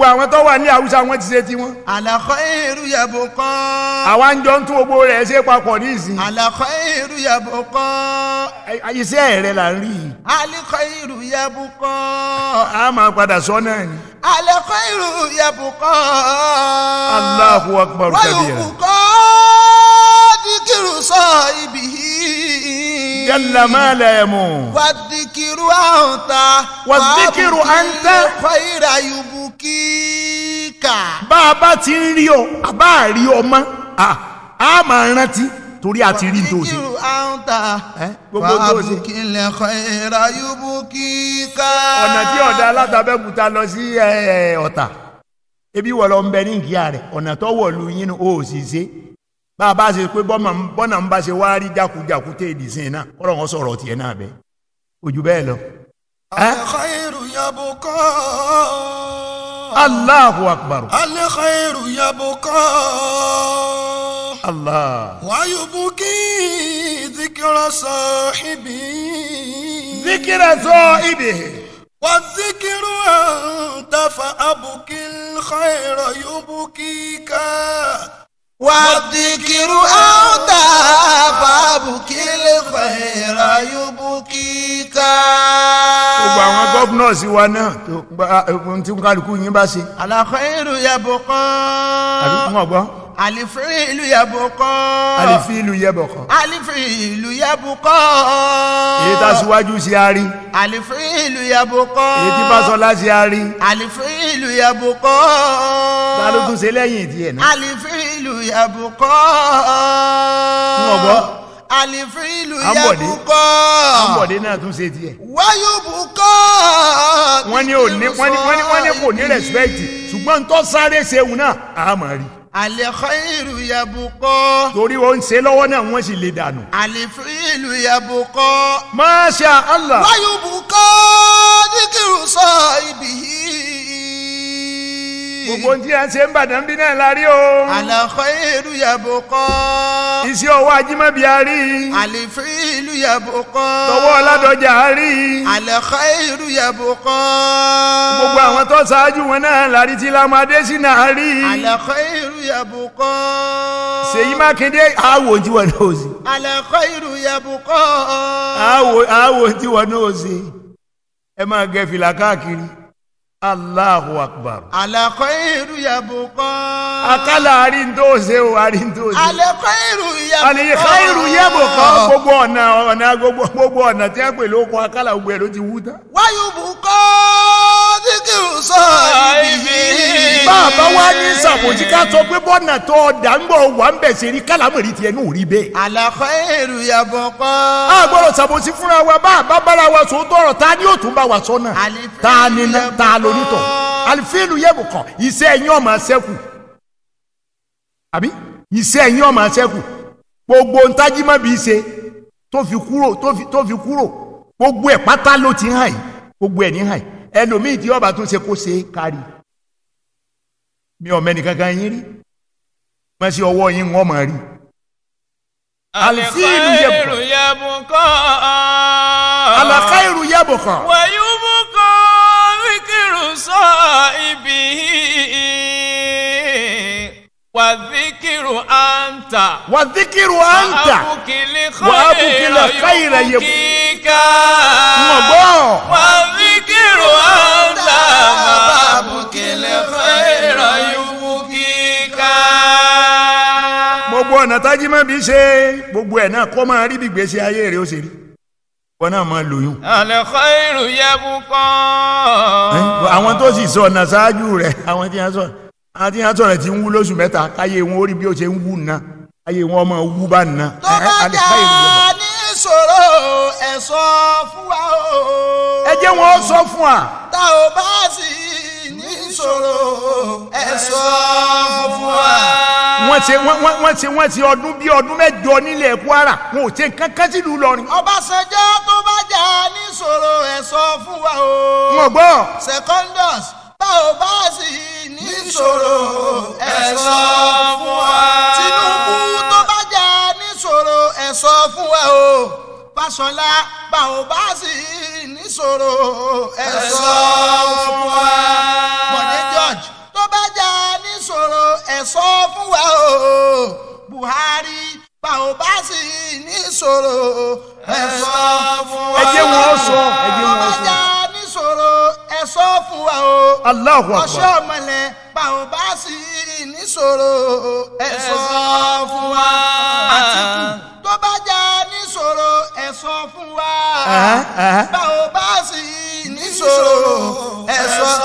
àwọn tó wà ní haúsá wọn ti ṣe tiwọn. àlàkọ́ èrú yẹ àwa ń jọ ń tún gbogbo rẹ̀ ṣe papọ̀ ní àlàkọ́ èrú yẹ bù kọ́. iṣẹ́ ń padà sọ náà ni. alẹ́ kọ́ irú yẹ̀bù kọ́. Allahu akbar kabira. wọ́n yòókù kọ́ dikiru sọ ibi yìí. yàlla máa lẹ̀ ẹ̀ mú. wà dikiru anta. wà dikiru anta. kọ́ ìrà yubuki ká. bá a bá ti ń rí ọ a bá a rí ọ mọ́ a máa rántí torí àti rí tó ṣe. gbogbo tó ṣe. ọ̀nà tí ọ̀dà alátabẹ́kúta lọ sí ọ̀tà ebi wọ̀ lọ ń bẹ ní ìkíyà rẹ̀ ọ̀nà tó wọ̀ lu yín ó sì ṣe bá a bá ṣe pé bọ́nà ń bá ṣe wá rí jákujàku tẹ́ èdè sìn náà kọ́rọ̀ wọn sọ̀rọ̀ tiẹ̀ náà bẹ́ẹ̀ ojú bẹ́ẹ̀ lọ. al-khayru yabqa. Allahu akbar. Allah. wáyùbùkì zikirọ sọ ibi. zikirọ sọ wa wà zikiru àǹtàfà àbùkì xayọrọ yóbùkì ká. wà zikiru àǹtàfà àbùkì xayọrọ yóbùkì ká. gbogbo àwọn gọ́fúnọ̀ sí wa náà tó ń kálukú yín bá ṣe. àlàkò èrò yà bọ̀ kọ́. àbí kún ọ̀gbọ́n àlìfíìlù yẹbùkọ́. àlìfíìlù yẹbùkọ́. àlìfíìlù yẹbùkọ́. èyí tá a síwájú sí a rí. àlìfíìlù yẹbùkọ́. èyí tí Fáṣọlá sí a rí. àlìfíìlù yẹbùkọ́. ta ló tún ṣe lẹ́yìn tiẹ̀ náà. àlìfíìlù yẹbùkọ́. ń ọ̀gbọ́ àlìfíìlù yẹ bukọ́. àbọ̀dé náà tún ṣe tiẹ̀. wáyú bukọ́. wọ́n ní kò ní rẹ́spẹ̀tì ṣùgbọ́n ń tọ́ sáré ṣeun náà àmọ́ rí i. Àlẹ́kọ́ìlù yabukọ́. Torí o ń ṣe lọ́wọ́ náà wọ́n sì lè dànù. Àlẹ́fìlù yabukọ́. Masha Allah. Wáyùbù kọ́ díkìrù sọ ibì yìí gbogbo ohun tí a ń ṣe ń bàdàn bí náà la rí o. àlàkọ́ èrú yàbò kọ́. iṣẹ́ ọwọ́ ajímọ̀bí a rí. àlèfé ìlú yàbò kọ́. tọwọ́ ọ̀làdọ̀jà a rí. àlàkọ́ èrú yàbò kọ́. gbogbo àwọn tó ṣáájú wọn náà la rí tí lámọ adésínà a rí. àlàkọ́ èrú yàbò kọ́. ṣèyí mákindé àwò tí wọn náà sí. àlàkọ́ èrú yàbò kọ́. àwò tí wọn náà sí. ẹ máa gẹ fìlà káàkiri. Allahu akbar. Àlàkọ́ irú yàbò kọ́. Akálà àríndóòzé o àríndóòzé. Àlàkọ́ irú yàbò kọ́. Àlàkọ́ irú yàbò kọ́. Gbogbo ọ̀nà ọ̀nà gbogbo ọ̀nà tí a pè lóko akálà gbogbo ẹ̀ ti wú tán. Wáyò bù kọ́ díkìrù sọ ibi. Bàbá wa ní sàbòjì ká sọ pé bọ́nà tó ọ̀dà ń bọ̀ wà ń bẹ̀ ṣe rí kálámọ̀rí tiẹ̀ ní òrí bẹ́ẹ̀. Àlàkọ́ irú yàbò kọ́. A gbọ́dọ̀ sàbòjì fúnra wa bá àbábára wa sòótọ́ ọ̀rọ̀ ta ni ó tún bá wa sọ náà onítọ̀ àlìfíìlù yẹ̀bù kan iṣẹ́ ẹ̀yìn ọmọ ṣẹ́kù àbí iṣẹ́ ẹ̀yìn ọmọ ṣẹ́kù gbogbo ntájímọ̀ bíi ṣe tó fi kúrò tó fi kúrò gbogbo ẹ̀ pátá ló ti hàn yìí gbogbo ẹ̀ ní hàn yìí ẹlòmíì tí ọba tó ṣe kó ṣe kárí mi ò mẹ́ni kankan yín rí mọ̀ sí ọwọ́ yín wọ́n mọ̀ rí. àlìfíìlù yẹ̀bù kan àlàkà ìrù yẹ̀bù kan ibi wàdíkìrù àǹtà. wàdíkìrù àǹtà. wàbùkìlẹ̀ káyìrà yẹ. kíkà. mọ̀ gbọ́. wàdíkìrù àǹtà. wàbùkìlẹ̀ káyìrà yẹ kíkà. gbogbo ọ̀nà tájímọ̀ bí ṣe gbogbo ẹ̀ náà kọ́ máa rí bí gbèsè wọn náà máa lóyún. al-khayru yabqa. àwọn tó sì sọ ọ̀nà ṣáájú rẹ̀ àwọn tí wọ́n sọ àwọn tí wọ́n sọ rẹ̀ ti ń wú lóṣù mẹ́ta káyé wọn ó rí bí ó ṣe ń wú ná káyé wọn ọmọ wú bá ná. al-khayru yabqa. ní ìṣòro ẹ̀ sọ fún wa o. ẹ jẹ́ wọn sọ fún wa. tá ò bá sì ní ìṣòro ẹ̀ sọ fún wa wọ́n ṣe wọ́n ṣe wọ́n ṣe ọdún bíi ọdún mẹ́jọ nílẹ̀ Kwara wọn ò ṣe kankan sílùú Ìlọrin. Ọbásanjọ́ tó bá jà ní sọ̀rọ̀ ẹ̀ sọ fún wa o. wọ́n gbọ́. Secondus bá ò bá sì ní sọ̀rọ̀ ẹ̀ sọ fún wa. Tinubu tó bá jà ní sọ̀rọ̀ ẹ̀ sọ fún wa o. Fáṣọlá bá ò bá sì ní sọ̀rọ̀ ẹ̀ sọ fún wa. Bọ̀dé George tó bá jà ní sọ̀rọ̀ ẹ̀ sọ fún wa. Buhari bá ò bá sì ní ìṣòro ẹ sọ fún wa. ẹ jẹ́ wọn sọ ẹ jẹ́ wọn sọ. ọjà níṣòro ẹ sọ fún wa o. Allahu Akbar. ọṣẹ ọmọlẹ bá bá sì níṣòro ẹ sọ fún wa. àtìkù tó bá já níṣòro ẹ sọ fún wa. bá bá sì níṣòro ẹ sọ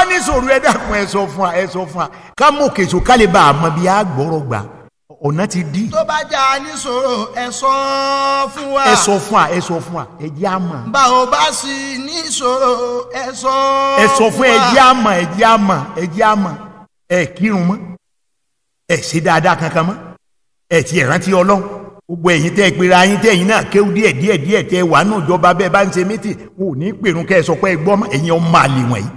bá ní sòrò ẹ dàkún ẹ sọ fún wa ẹ sọ fún wa ká mọ òkè ká lè bá a mọ bí a gbọ́rọ̀ gbà ọ̀nà ti di. tó bá jà á ní sòrò ẹ sọ fún wa. ẹ sọ fún wa ẹ sọ fún wa ẹ jẹ́ àmọ́. bá o bá sì ní sòrò ẹ sọ fún wa. ẹ sọ fún ẹ jẹ́ àmọ́ ẹ jẹ́ àmọ́ ẹ jẹ́ àmọ́ ẹ kírun mọ́ ẹ ṣe dáadáa kankan mọ́ ẹ ti ẹ̀ rántí ọlọ́run gbogbo ẹ̀yin tẹ́ ẹ pera ẹ̀yin tẹ́ ẹ̀yin náà kéwú díẹ̀ díẹ̀ díẹ̀ tẹ́ wàá náà jọba bẹ́ẹ̀ bá ń ṣe mítì wò ní pèrún kẹ́ ẹ sọ pé ẹ gbọ́ ẹ̀yin ọmọ àlè wọ̀nyí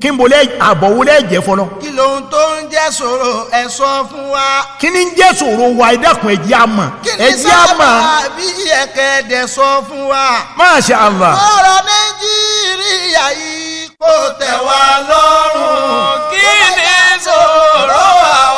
kí n bolẹ̀ àbọ̀wọlẹ̀ jẹ́ fọlọ. kí ló ń tó ń jẹ́ ṣòro ẹ sọ fún wa. kí ni ń jẹ́ ṣòro wa ẹ dákun ẹ̀jẹ̀ àmọ́. ẹ̀jẹ̀ àmọ́. kí ni sábà bí ẹ̀kẹ́ dẹ̀ sọ fún wa. Masha Allah. ọ̀rọ̀ nàìjíríà yìí kò tẹ̀ wá lọ́rùn. kí ni ṣòro wa.